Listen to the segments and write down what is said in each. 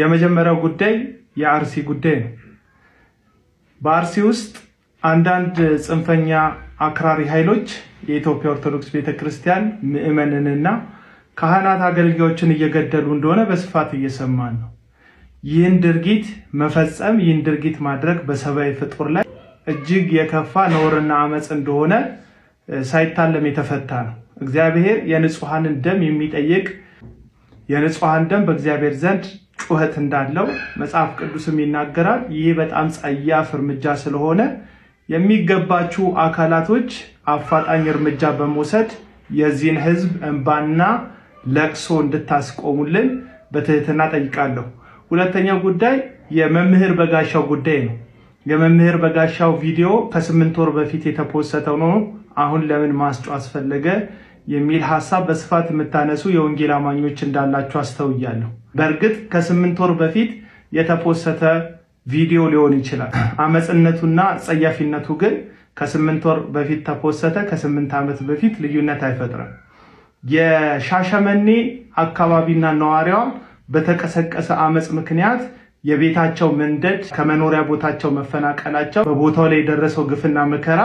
የመጀመሪያው ጉዳይ የአርሲ ጉዳይ ነው። በአርሲ ውስጥ አንዳንድ ጽንፈኛ አክራሪ ኃይሎች የኢትዮጵያ ኦርቶዶክስ ቤተክርስቲያን ምዕመንንና ካህናት አገልጋዮችን እየገደሉ እንደሆነ በስፋት እየሰማን ነው። ይህን ድርጊት መፈጸም ይህን ድርጊት ማድረግ በሰብአዊ ፍጡር ላይ እጅግ የከፋ ነውርና አመፅ እንደሆነ ሳይታለም የተፈታ ነው። እግዚአብሔር የንጹሐንን ደም የሚጠይቅ የንጹሐን ደም በእግዚአብሔር ዘንድ ጩኸት እንዳለው መጽሐፍ ቅዱስም ይናገራል። ይህ በጣም ጸያፍ እርምጃ ስለሆነ የሚገባችው አካላቶች አፋጣኝ እርምጃ በመውሰድ የዚህን ህዝብ እንባና ለቅሶ እንድታስቆሙልን በትህትና ጠይቃለሁ። ሁለተኛው ጉዳይ የመምህር በጋሻው ጉዳይ ነው። የመምህር በጋሻው ቪዲዮ ከስምንት ወር በፊት የተፖሰተው ነው። አሁን ለምን ማስጮ አስፈለገ የሚል ሀሳብ በስፋት የምታነሱ የወንጌል አማኞች እንዳላችሁ አስተውያለሁ። በእርግጥ ከስምንት ወር በፊት የተፖሰተ ቪዲዮ ሊሆን ይችላል። አመፅነቱና ጸያፊነቱ ግን ከስምንት ወር በፊት ተፖሰተ፣ ከስምንት ዓመት በፊት ልዩነት አይፈጥርም። የሻሸመኔ አካባቢና ነዋሪዋ በተቀሰቀሰ አመፅ ምክንያት የቤታቸው መንደድ፣ ከመኖሪያ ቦታቸው መፈናቀላቸው፣ በቦታው ላይ የደረሰው ግፍና መከራ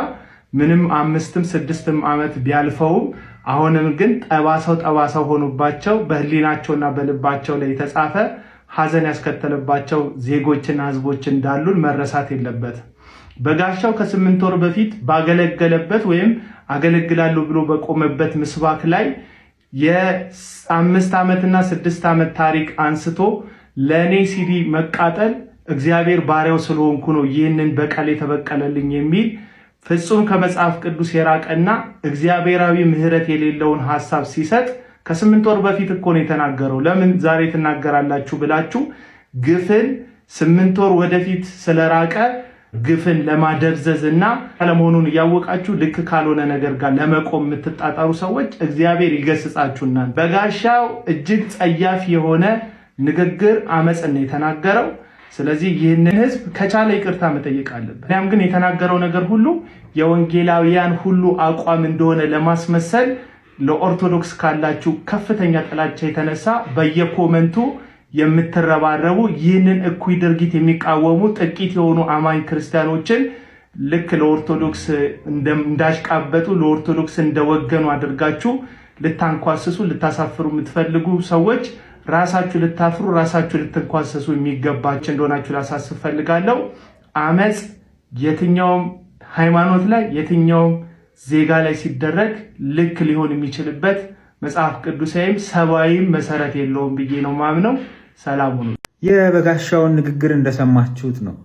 ምንም አምስትም ስድስትም ዓመት ቢያልፈውም አሁንም ግን ጠባሳው ጠባሳው ሆኖባቸው በህሊናቸውና በልባቸው ላይ የተጻፈ ሀዘን ያስከተለባቸው ዜጎችና ህዝቦች እንዳሉን መረሳት የለበት። በጋሻው ከስምንት ወር በፊት ባገለገለበት ወይም አገለግላለሁ ብሎ በቆመበት ምስባክ ላይ የአምስት ዓመትና ስድስት ዓመት ታሪክ አንስቶ ለእኔ ሲዲ መቃጠል እግዚአብሔር ባሪያው ስለሆንኩ ነው ይህንን በቀል የተበቀለልኝ የሚል ፍጹም ከመጽሐፍ ቅዱስ የራቀና እግዚአብሔራዊ ምሕረት የሌለውን ሐሳብ ሲሰጥ ከስምንት ወር በፊት እኮ ነው የተናገረው። ለምን ዛሬ ትናገራላችሁ ብላችሁ ግፍን ስምንት ወር ወደፊት ስለራቀ ግፍን ለማደብዘዝ እና ለመሆኑን እያወቃችሁ ልክ ካልሆነ ነገር ጋር ለመቆም የምትጣጣሩ ሰዎች እግዚአብሔር ይገስጻችሁናል። በጋሻው እጅግ ጸያፍ የሆነ ንግግር አመፅን ነው የተናገረው። ስለዚህ ይህንን ህዝብ ከቻለ ይቅርታ መጠየቅ አለበት። ያም ግን የተናገረው ነገር ሁሉ የወንጌላውያን ሁሉ አቋም እንደሆነ ለማስመሰል ለኦርቶዶክስ ካላችሁ ከፍተኛ ጥላቻ የተነሳ በየኮመንቱ የምትረባረቡ ይህንን እኩይ ድርጊት የሚቃወሙ ጥቂት የሆኑ አማኝ ክርስቲያኖችን ልክ ለኦርቶዶክስ እንዳሽቃበጡ ለኦርቶዶክስ እንደወገኑ አድርጋችሁ ልታንኳስሱ ልታሳፍሩ የምትፈልጉ ሰዎች ራሳችሁ ልታፍሩ ራሳችሁ ልትንኳሰሱ የሚገባችሁ እንደሆናችሁ ላሳስብ ፈልጋለሁ። አመፅ የትኛውም ሃይማኖት ላይ የትኛውም ዜጋ ላይ ሲደረግ ልክ ሊሆን የሚችልበት መጽሐፍ ቅዱሳዊም ሰብአዊም መሰረት የለውም ብዬ ነው ማምነው። ሰላሙ ነው። የበጋሻውን ንግግር እንደሰማችሁት ነው።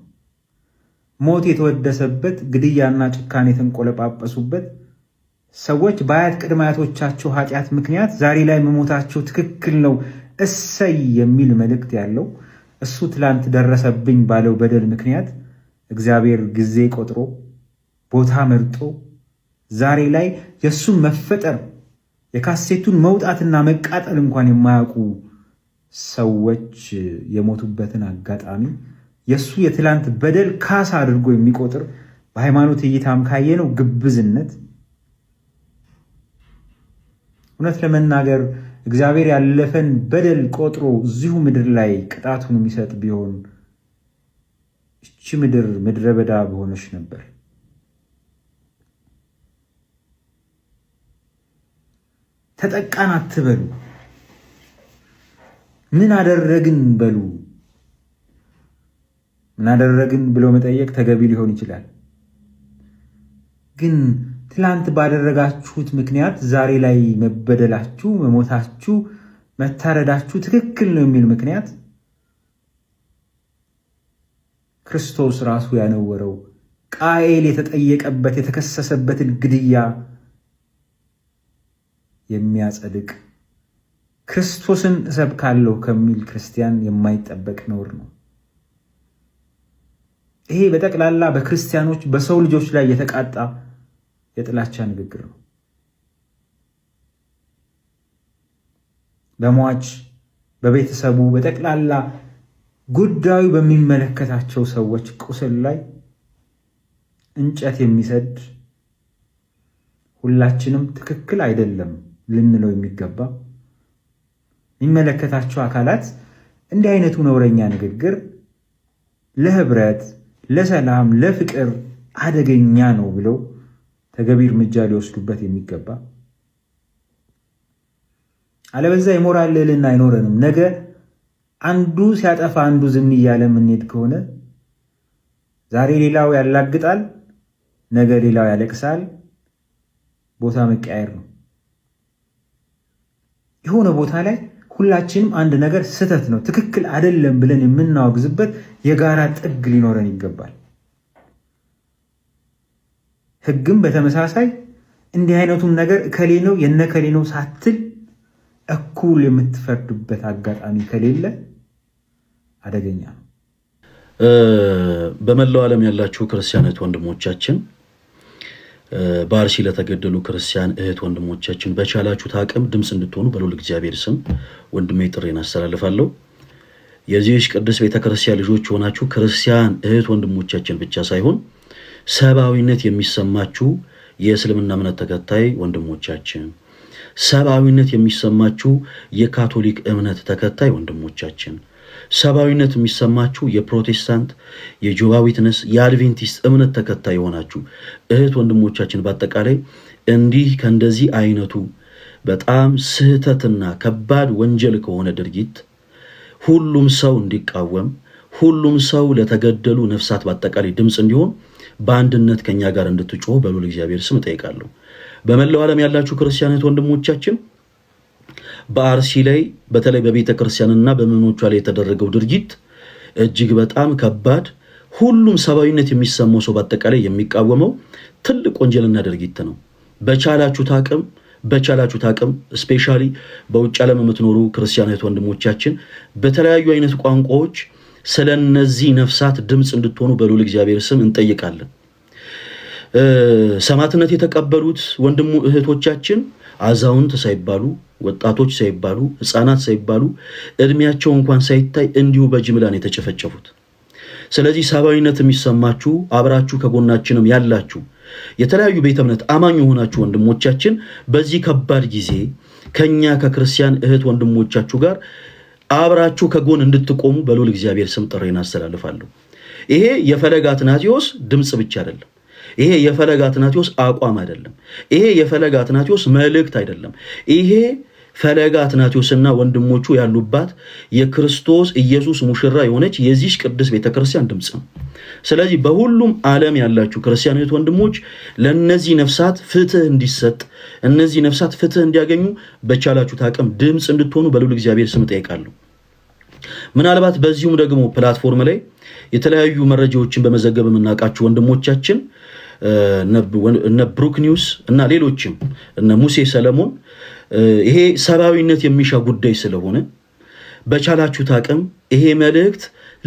ሞት የተወደሰበት ግድያና ጭካኔ የተንቆለጳጳሱበት ሰዎች በአያት ቅድመ አያቶቻችሁ ኃጢአት ምክንያት ዛሬ ላይ መሞታችሁ ትክክል ነው እሰይ የሚል መልእክት ያለው እሱ ትላንት ደረሰብኝ ባለው በደል ምክንያት እግዚአብሔር ጊዜ ቆጥሮ ቦታ መርጦ ዛሬ ላይ የእሱን መፈጠር የካሴቱን መውጣትና መቃጠል እንኳን የማያውቁ ሰዎች የሞቱበትን አጋጣሚ የእሱ የትላንት በደል ካሳ አድርጎ የሚቆጥር በሃይማኖት እይታም ካየነው ግብዝነት እውነት ለመናገር እግዚአብሔር ያለፈን በደል ቆጥሮ እዚሁ ምድር ላይ ቅጣቱን የሚሰጥ ቢሆን እቺ ምድር ምድረ በዳ በሆነች ነበር። ተጠቃን አትበሉ፣ ምን አደረግን በሉ። ምን አደረግን ብሎ መጠየቅ ተገቢ ሊሆን ይችላል ግን ትላንት ባደረጋችሁት ምክንያት ዛሬ ላይ መበደላችሁ፣ መሞታችሁ፣ መታረዳችሁ ትክክል ነው የሚል ምክንያት ክርስቶስ ራሱ ያነወረው ቃኤል የተጠየቀበት የተከሰሰበትን ግድያ የሚያጸድቅ ክርስቶስን እሰብካለሁ ከሚል ክርስቲያን የማይጠበቅ ነውር ነው። ይሄ በጠቅላላ በክርስቲያኖች በሰው ልጆች ላይ የተቃጣ የጥላቻ ንግግር ነው። በሟች በቤተሰቡ በጠቅላላ ጉዳዩ በሚመለከታቸው ሰዎች ቁስል ላይ እንጨት የሚሰድ ሁላችንም ትክክል አይደለም ልንለው የሚገባ የሚመለከታቸው አካላት እንዲህ አይነቱ ነውረኛ ንግግር ለህብረት፣ ለሰላም፣ ለፍቅር አደገኛ ነው ብለው ተገቢ እርምጃ ሊወስዱበት የሚገባ አለበዛ የሞራል ልዕልና አይኖረንም። ነገ አንዱ ሲያጠፋ አንዱ ዝም እያለ የምንሄድ ከሆነ ዛሬ ሌላው ያላግጣል፣ ነገ ሌላው ያለቅሳል። ቦታ መቀያየር ነው። የሆነ ቦታ ላይ ሁላችንም አንድ ነገር ስህተት ነው፣ ትክክል አይደለም ብለን የምናወግዝበት የጋራ ጥግ ሊኖረን ይገባል። ህግም በተመሳሳይ እንዲህ አይነቱን ነገር እከሌ ነው የነ ከሌ ነው ሳትል እኩል የምትፈርድበት አጋጣሚ ከሌለ አደገኛ ነው። በመላው ዓለም ያላችሁ ክርስቲያን እህት ወንድሞቻችን፣ በአርሲ ለተገደሉ ክርስቲያን እህት ወንድሞቻችን በቻላችሁት አቅም ድምፅ እንድትሆኑ በልዑል እግዚአብሔር ስም ወንድሜ ጥሬን አስተላልፋለሁ። የዚህች ቅድስት ቤተክርስቲያን ልጆች የሆናችሁ ክርስቲያን እህት ወንድሞቻችን ብቻ ሳይሆን ሰብአዊነት የሚሰማችሁ የእስልምና እምነት ተከታይ ወንድሞቻችን፣ ሰብአዊነት የሚሰማችሁ የካቶሊክ እምነት ተከታይ ወንድሞቻችን፣ ሰብአዊነት የሚሰማችሁ የፕሮቴስታንት፣ የጆባ ዊትነስ፣ የአድቬንቲስት እምነት ተከታይ የሆናችሁ እህት ወንድሞቻችን በአጠቃላይ እንዲህ ከእንደዚህ አይነቱ በጣም ስህተትና ከባድ ወንጀል ከሆነ ድርጊት ሁሉም ሰው እንዲቃወም ሁሉም ሰው ለተገደሉ ነፍሳት በአጠቃላይ ድምፅ እንዲሆን በአንድነት ከኛ ጋር እንድትጮህ በሉል እግዚአብሔር ስም እጠይቃለሁ። በመላው ዓለም ያላችሁ ክርስቲያነት ወንድሞቻችን በአርሲ ላይ በተለይ በቤተ ክርስቲያንና በምኖቿ ላይ የተደረገው ድርጊት እጅግ በጣም ከባድ፣ ሁሉም ሰብአዊነት የሚሰማው ሰው በአጠቃላይ የሚቃወመው ትልቅ ወንጀልና ድርጊት ነው። በቻላችሁት አቅም በቻላችሁት አቅም ስፔሻሊ በውጭ ዓለም የምትኖሩ ክርስቲያናዊት ወንድሞቻችን በተለያዩ አይነት ቋንቋዎች ስለ እነዚህ ነፍሳት ድምፅ እንድትሆኑ በልዑል እግዚአብሔር ስም እንጠይቃለን። ሰማዕትነት የተቀበሉት ወንድሙ እህቶቻችን አዛውንት ሳይባሉ ወጣቶች ሳይባሉ ህፃናት ሳይባሉ እድሜያቸው እንኳን ሳይታይ እንዲሁ በጅምላ የተጨፈጨፉት። ስለዚህ ሰብአዊነት የሚሰማችሁ አብራችሁ ከጎናችንም ያላችሁ የተለያዩ ቤተ እምነት አማኝ የሆናችሁ ወንድሞቻችን በዚህ ከባድ ጊዜ ከኛ ከክርስቲያን እህት ወንድሞቻችሁ ጋር አብራችሁ ከጎን እንድትቆሙ በልዑል እግዚአብሔር ስም ጥሬን አስተላልፋለሁ። ይሄ የፈለገ አትናቴዎስ ድምፅ ብቻ አይደለም። ይሄ የፈለገ አትናቴዎስ አቋም አይደለም። ይሄ የፈለገ አትናቴዎስ መልእክት አይደለም። ይሄ ፈለገ አትናቴዎስና ወንድሞቹ ያሉባት የክርስቶስ ኢየሱስ ሙሽራ የሆነች የዚች ቅዱስ ቤተክርስቲያን ድምፅ ነው። ስለዚህ በሁሉም ዓለም ያላችሁ ክርስቲያኖች ወንድሞች ለእነዚህ ነፍሳት ፍትህ እንዲሰጥ እነዚህ ነፍሳት ፍትህ እንዲያገኙ በቻላችሁት አቅም ድምፅ እንድትሆኑ በልዑል እግዚአብሔር ስም እጠይቃለሁ። ምናልባት በዚሁም ደግሞ ፕላትፎርም ላይ የተለያዩ መረጃዎችን በመዘገብ የምናውቃቸው ወንድሞቻችን እነ ብሩክ ኒውስ እና ሌሎችም እነ ሙሴ ሰለሞን ይሄ ሰብአዊነት የሚሻ ጉዳይ ስለሆነ በቻላችሁት አቅም ይሄ መልእክት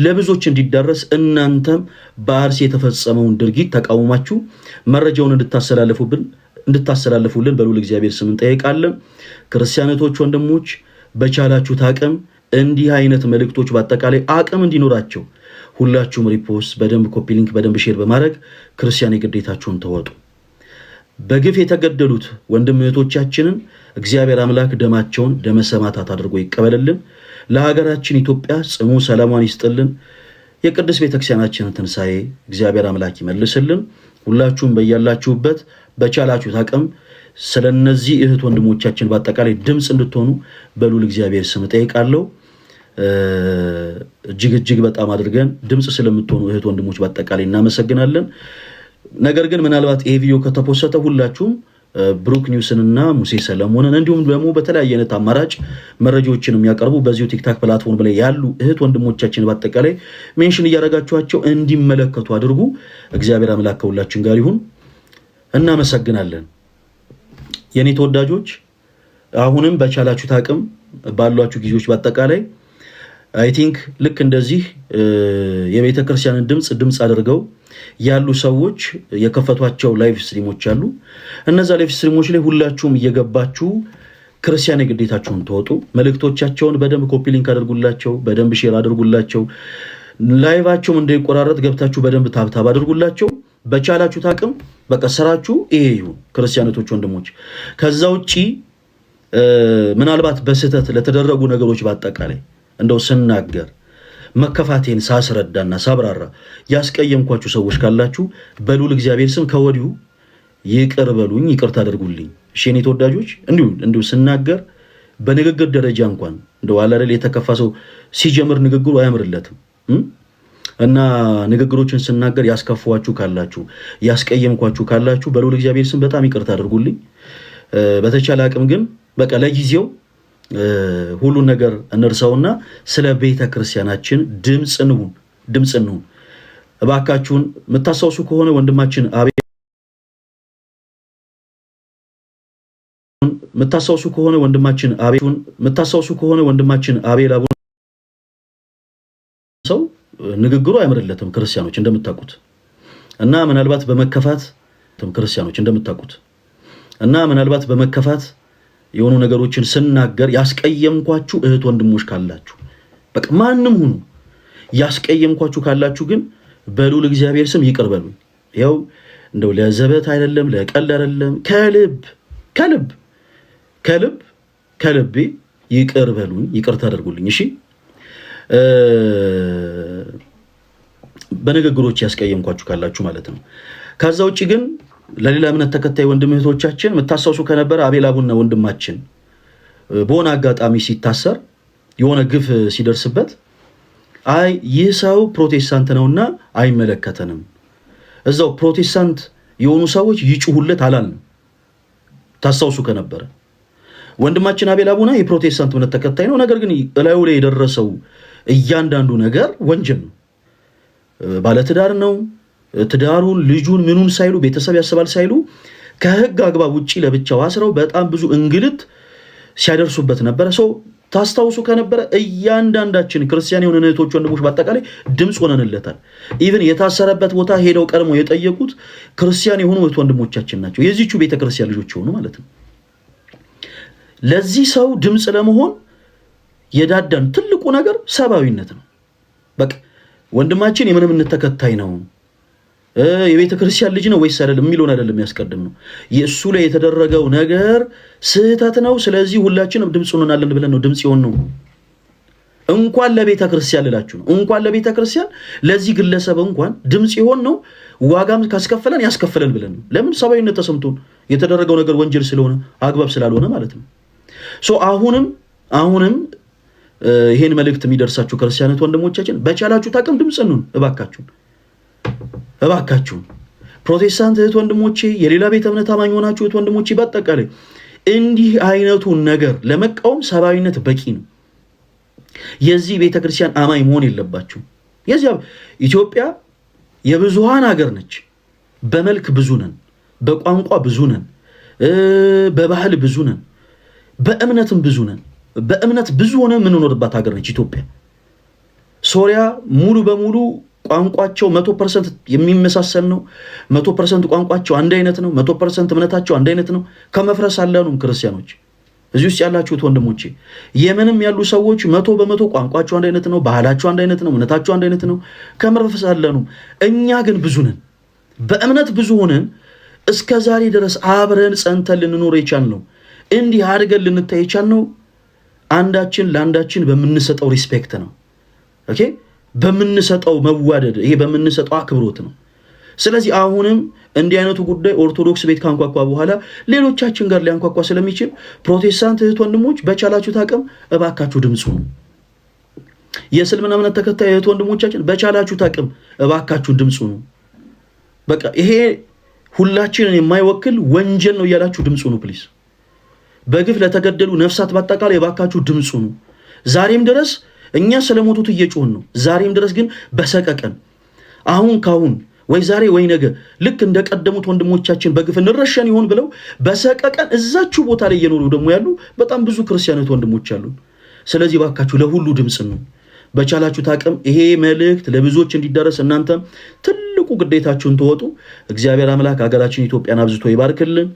ለብዙዎች እንዲዳረስ እናንተም በአርሲ የተፈጸመውን ድርጊት ተቃውማችሁ መረጃውን እንድታስተላልፉብን እንድታስተላልፉልን በልዑል እግዚአብሔር ስም እንጠይቃለን። ክርስቲያኖች፣ ወንድሞች በቻላችሁት አቅም እንዲህ አይነት መልእክቶች በአጠቃላይ አቅም እንዲኖራቸው ሁላችሁም ሪፖስት በደንብ ኮፒ ሊንክ በደንብ ሼር በማድረግ ክርስቲያን የግዴታችሁን ተወጡ። በግፍ የተገደሉት ወንድም እህቶቻችንን እግዚአብሔር አምላክ ደማቸውን ደመ ሰማዕታት አድርጎ ይቀበልልን። ለሀገራችን ኢትዮጵያ ጽኑ ሰላሟን ይስጥልን። የቅድስት ቤተክርስቲያናችንን ትንሣኤ እግዚአብሔር አምላክ ይመልስልን። ሁላችሁም በያላችሁበት በቻላችሁት አቅም ስለነዚህ እህት ወንድሞቻችን በአጠቃላይ ድምፅ እንድትሆኑ በሉል እግዚአብሔር ስም እጠይቃለሁ። እጅግ እጅግ በጣም አድርገን ድምፅ ስለምትሆኑ እህት ወንድሞች በአጠቃላይ እናመሰግናለን። ነገር ግን ምናልባት ይሄ ቪዲዮ ከተፖሰተ ሁላችሁም ብሩክ እና ሙሴ ሰለሞንን እንዲሁም ደግሞ በተለያየ አይነት አማራጭ መረጃዎችን የሚያቀርቡ በዚሁ ቲክታክ ፕላትፎርም ላይ ያሉ እህት ወንድሞቻችን በአጠቃላይ ሜንሽን እያደረጋችኋቸው እንዲመለከቱ አድርጉ። እግዚአብሔር አምላክ ከሁላችን ጋር ይሁን። እናመሰግናለን። የእኔ ተወዳጆች አሁንም በቻላችሁት አቅም ባሏችሁ ጊዜዎች በአጠቃላይ አይ ቲንክ ልክ እንደዚህ የቤተ ክርስቲያንን ድምፅ ድምፅ አድርገው ያሉ ሰዎች የከፈቷቸው ላይቭ ስትሪሞች አሉ። እነዛ ላይቭ ስትሪሞች ላይ ሁላችሁም እየገባችሁ ክርስቲያን የግዴታችሁን ተወጡ። መልእክቶቻቸውን በደንብ ኮፒ ሊንክ አድርጉላቸው፣ በደንብ ሼር አድርጉላቸው። ላይቫቸውም እንዳይቆራረጥ ገብታችሁ በደንብ ታብታብ አድርጉላቸው። በቻላችሁት አቅም በቃ ስራችሁ ይሄ ይሁን፣ ክርስቲያነቶች ወንድሞች። ከዛ ውጭ ምናልባት በስህተት ለተደረጉ ነገሮች በአጠቃላይ እንደው ስናገር መከፋቴን ሳስረዳና ሳብራራ ያስቀየምኳችሁ ሰዎች ካላችሁ በሉል እግዚአብሔር ስም ከወዲሁ ይቅር በሉኝ፣ ይቅርታ አድርጉልኝ። እሺ ተወዳጆች፣ እንዲሁ እንዲሁ ስናገር በንግግር ደረጃ እንኳን እንደው አላደል የተከፋ ሰው ሲጀምር ንግግሩ አያምርለትም እና ንግግሮችን ስናገር ያስከፋችሁ ካላችሁ ያስቀየምኳችሁ ካላችሁ በልዑል እግዚአብሔር ስም በጣም ይቅርታ አድርጉልኝ። በተቻለ አቅም ግን በቃ ለጊዜው ሁሉን ነገር እንርሰውና ስለ ቤተ ክርስቲያናችን ድምፅ እንሁን፣ ድምፅ እንሁን። እባካችሁን የምታስታውሱ ከሆነ ወንድማችን የምታስታውሱ ከሆነ ወንድማችን አቤቱን የምታስታውሱ ከሆነ ወንድማችን አቤል አቡነ ሰው ንግግሩ አይምርለትም ክርስቲያኖች እንደምታውቁት እና ምናልባት በመከፋት ክርስቲያኖች እንደምታውቁት እና ምናልባት በመከፋት የሆኑ ነገሮችን ስናገር ያስቀየምኳችሁ እህት ወንድሞች ካላችሁ በቃ ማንም ሁኑ ያስቀየምኳችሁ ካላችሁ ግን በሉል እግዚአብሔር ስም ይቅር በሉኝ። ያው እንደው ለዘበት አይደለም ለቀል አይደለም፣ ከልብ ከልብ ከልብ ከልቤ ይቅር በሉኝ፣ ይቅር ታደርጉልኝ። እሺ በንግግሮች ያስቀየምኳችሁ ካላችሁ ማለት ነው። ከዛ ውጭ ግን ለሌላ እምነት ተከታይ ወንድም እህቶቻችን የምታስታውሱ ከነበረ አቤል አቡነ ወንድማችን በሆነ አጋጣሚ ሲታሰር የሆነ ግፍ ሲደርስበት አይ ይህ ሰው ፕሮቴስታንት ነውና አይመለከተንም፣ እዛው ፕሮቴስታንት የሆኑ ሰዎች ይጩሁለት አላልንም። ታስታውሱ ከነበረ ወንድማችን አቤል አቡነ የፕሮቴስታንት እምነት ተከታይ ነው። ነገር ግን እላዩ ላይ የደረሰው እያንዳንዱ ነገር ወንጀል ነው። ባለትዳር ነው። ትዳሩን፣ ልጁን፣ ምኑን ሳይሉ ቤተሰብ ያስባል ሳይሉ ከህግ አግባብ ውጭ ለብቻው አስረው በጣም ብዙ እንግልት ሲያደርሱበት ነበረ። ሰው ታስታውሱ ከነበረ እያንዳንዳችን ክርስቲያን የሆነ እህቶች፣ ወንድሞች በአጠቃላይ ድምፅ ሆነንለታል። ኢቨን የታሰረበት ቦታ ሄደው ቀድሞ የጠየቁት ክርስቲያን የሆኑ እህት ወንድሞቻችን ናቸው፣ የዚቹ ቤተክርስቲያን ልጆች የሆኑ ማለት ነው። ለዚህ ሰው ድምፅ ለመሆን የዳዳን ትልቁ ነገር ሰብአዊነት ነው። በቃ ወንድማችን የምንምነት ተከታይ ነው የቤተ ክርስቲያን ልጅ ነው ወይስ አይደለም የሚለውን አይደለም የሚያስቀድም ነው። የእሱ ላይ የተደረገው ነገር ስህተት ነው። ስለዚህ ሁላችንም ድምፅ እንሆናለን ብለን ነው ድምፅ የሆን ነው። እንኳን ለቤተ ክርስቲያን ልላችሁ ነው፣ እንኳን ለቤተ ክርስቲያን ለዚህ ግለሰብ እንኳን ድምፅ የሆን ነው። ዋጋም ካስከፈለን ያስከፈለን ብለን ነው። ለምን ሰብአዊነት ተሰምቶን የተደረገው ነገር ወንጀል ስለሆነ አግባብ ስላልሆነ ማለት ነው። አሁንም አሁንም ይሄን መልእክት የሚደርሳችሁ ክርስቲያነት ወንድሞቻችን በቻላችሁ ታቅም ድምፅ እንሁን እባካችሁን። እባካችሁ ፕሮቴስታንት እህት ወንድሞቼ፣ የሌላ ቤተ እምነት አማኝ የሆናችሁ እህት ወንድሞቼ፣ በአጠቃላይ እንዲህ አይነቱን ነገር ለመቃወም ሰብአዊነት በቂ ነው። የዚህ ቤተ ክርስቲያን አማኝ መሆን የለባችሁ። የዚያ ኢትዮጵያ የብዙሃን ሀገር ነች። በመልክ ብዙ ነን፣ በቋንቋ ብዙ ነን፣ በባህል ብዙ ነን፣ በእምነትም ብዙ ነን። በእምነት ብዙ ሆነ የምንኖርባት ሀገር ነች ኢትዮጵያ። ሶሪያ ሙሉ በሙሉ ቋንቋቸው መቶ ፐርሰንት የሚመሳሰል ነው። መቶ ፐርሰንት ቋንቋቸው አንድ አይነት ነው። መቶ ፐርሰንት እምነታቸው አንድ አይነት ነው። ከመፍረስ አለኑም ክርስቲያኖች እዚህ ውስጥ ያላችሁት ወንድሞቼ የምንም ያሉ ሰዎች መቶ በመቶ ቋንቋቸው አንድ አይነት ነው። ባህላቸው አንድ አይነት ነው። እምነታቸው አንድ አይነት ነው። ከመፍረስ አለኑም እኛ ግን ብዙ ነን። በእምነት ብዙ ሆነን እስከ ዛሬ ድረስ አብረን ጸንተን ልንኖር የቻልነው እንዲህ አድገን ልንታይ ነው። አንዳችን ለአንዳችን በምንሰጠው ሪስፔክት ነው። ኦኬ በምንሰጠው መዋደድ፣ ይሄ በምንሰጠው አክብሮት ነው። ስለዚህ አሁንም እንዲህ አይነቱ ጉዳይ ኦርቶዶክስ ቤት ካንኳኳ በኋላ ሌሎቻችን ጋር ሊያንኳኳ ስለሚችል ፕሮቴስታንት እህት ወንድሞች በቻላችሁት አቅም እባካችሁ ድምፁ ነው። የእስልምና እምነት ተከታይ እህት ወንድሞቻችን በቻላችሁት አቅም እባካችሁን ድምፁ ነው። በቃ ይሄ ሁላችንን የማይወክል ወንጀል ነው እያላችሁ ድምፁ ነው ፕሊዝ። በግፍ ለተገደሉ ነፍሳት በአጠቃላይ እባካችሁ ድምፁ ነው ዛሬም ድረስ እኛ ስለሞቱት እየጮህን ነው። ዛሬም ድረስ ግን በሰቀቀን አሁን ካሁን ወይ ዛሬ ወይ ነገ ልክ እንደቀደሙት ወንድሞቻችን በግፍ እንረሸን ይሆን ብለው በሰቀቀን እዛችሁ ቦታ ላይ እየኖሩ ደግሞ ያሉ በጣም ብዙ ክርስቲያኖች ወንድሞች አሉ። ስለዚህ ባካችሁ ለሁሉ ድምፅ ነው። በቻላችሁት አቅም ይሄ መልእክት ለብዙዎች እንዲደረስ እናንተም ትልቁ ግዴታችሁን ትወጡ እግዚአብሔር አምላክ ሀገራችን ኢትዮጵያን አብዝቶ ይባርክልን።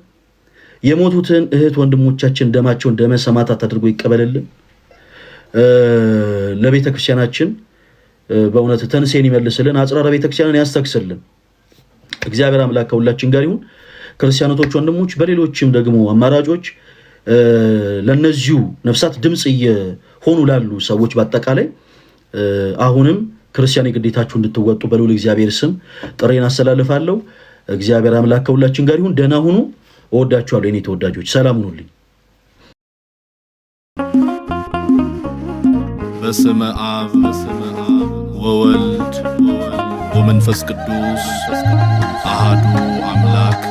የሞቱትን እህት ወንድሞቻችን ደማቸውን ደመ ሰማዕታት አድርጎ ይቀበልልን። ለቤተ ክርስቲያናችን በእውነት ተንሴን ይመልስልን፣ አጽራረ ቤተ ክርስቲያንን ያስተክስልን። እግዚአብሔር አምላክ ከሁላችን ጋር ይሁን። ክርስቲያኖቶች፣ ወንድሞች በሌሎችም ደግሞ አማራጮች ለነዚሁ ነፍሳት ድምፅ እየሆኑ ላሉ ሰዎች በአጠቃላይ አሁንም ክርስቲያን የግዴታችሁ እንድትወጡ በልዑል እግዚአብሔር ስም ጥሬን አስተላልፋለሁ። እግዚአብሔር አምላክ ከሁላችን ጋር ይሁን። ደህና ሁኑ። እወዳችኋለሁ የኔ ተወዳጆች፣ ሰላም ሁኑልኝ። በስመ አብ ወወልድ ወመንፈስ ቅዱስ አሃዱ አምላክ